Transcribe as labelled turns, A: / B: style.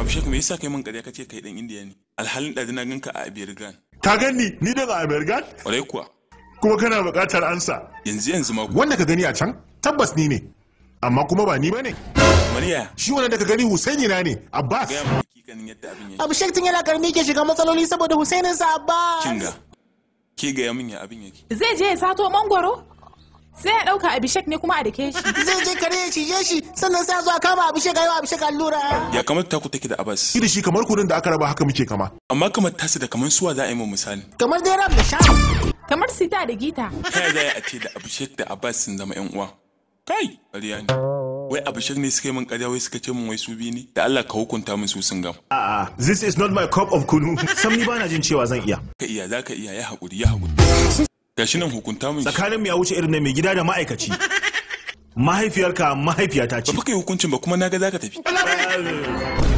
A: Abishek me yasa kai man ka ce kai dan Indiya ne? Alhalin da na ganka a Abirgan. Ka ganni ni daga Abirgan? Kwarai kuwa. Kuma kana buƙatar ansa. Yanzu yanzu ma wanda ka gani a can tabbas ni ne. Amma kuma ba ni bane. Mariya. Shi wanda ka gani Husaini na ne Abbas.
B: Abishek tun yana karmi ke shiga matsaloli saboda Husainin sa Abbas. Kinga.
A: Ke ga min ya abin yake.
B: Zai je ya sato mangwaro? sai ya dauka abishek ne kuma a dake shi zai je kare ya cije shi sannan sai a zo a kama abishek ayo abishek allura
A: ya kamar ta ku take da abas da shi kamar kudin da aka raba haka muke kama amma kamar tasi da kamar suwa za a yi mu misali
B: kamar dai ram da sha kamar sita da gita
A: kai da a ce da abishek da abbas sun zama yan uwa kai ƙarya ne wai abishek ne suka yi min ƙarya wai suka ce min wai su biyu ne da Allah ka hukunta min su sun gam a'a this
B: is not my cup of
A: kunu sam ni bana jin cewa zan iya ka iya zaka iya ya haƙuri ya haƙuri gashi nan hukunta min
B: tsakanin ya wuce irin na mai gida da ma'aikaci mahaifiyarka mahaifiyata ce ba kai hukuncin ba kuma naga zaka
A: tafi